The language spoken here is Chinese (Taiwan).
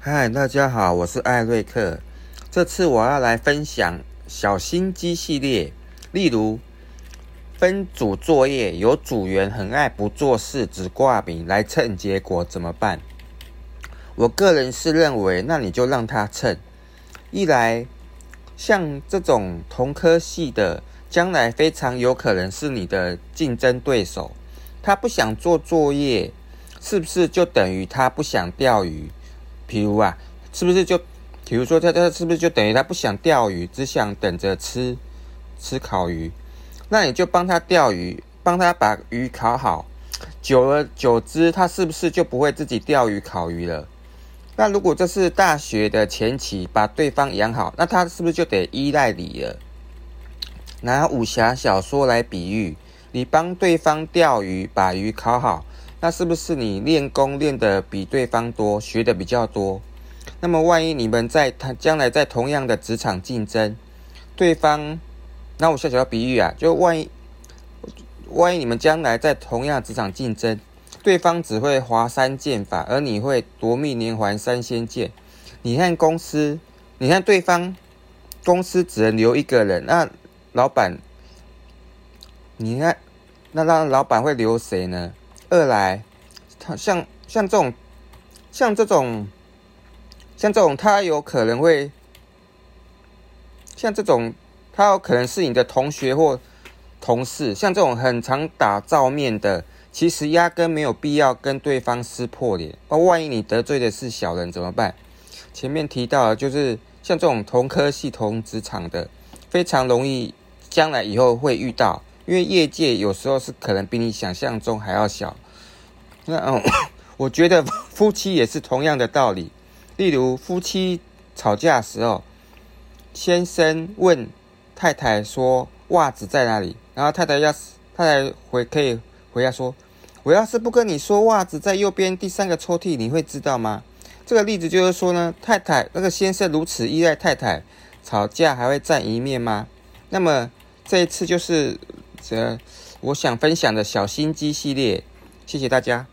嗨，Hi, 大家好，我是艾瑞克。這次我要來分享小心機系列，例如分組作業有組員很愛不做事，只掛名來蹭結果怎麼辦？我個人是認為，那你就讓他蹭。一來，像這種同科系的，將來非常有可能是你的競爭對手。他不想做作業，是不是就等於他不想釣魚？譬如啊，是不是就，比如說他他是不是就等於他不想釣魚，只想等着吃吃烤魚，那你就幫他釣魚，幫他把魚烤好，久而久之，他是不是就不會自己釣魚烤魚了？那如果這是大學的前期，把對方養好，那他是不是就得依賴你了？拿武俠小說來比喻，你幫對方釣魚，把魚烤好。那是不是你練功練得比對方多，學的比較多？那麼萬一你們在他將來在同樣的職場競爭，對方，那我下小到比喻啊，就萬一，萬一你們將來在同樣的職場競爭，對方只會華山劍法，而你會奪命連環三仙劍，你看公司，你看對方公司只能留一個人，那老闆，你看，那讓老闆會留誰呢？二來，他像像這種，像這種，像這種，他有可能會，像這種，他有可能是你的同學或同事，像這種很常打照面的，其實壓根沒有必要跟對方撕破臉。那萬一你得罪的是小人怎麼辦？前面提到，就是像這種同科系、同職場的，非常容易將來以後會遇到。因為業界有時候是可能比你想象中還要小。那嗯、哦，我覺得夫妻也是同樣的道理。例如夫妻吵架的時候，先生問太太說：“襪子在哪裡？”然後太太要太太回可以回答說：“我要是不跟你說襪子在右邊第三個抽屜，你會知道嗎？”這個例子就是說呢，太太那個先生如此依賴太太，吵架還會站一面嗎？那麼這一次就是。這，我想分享的小心機系列，謝謝大家。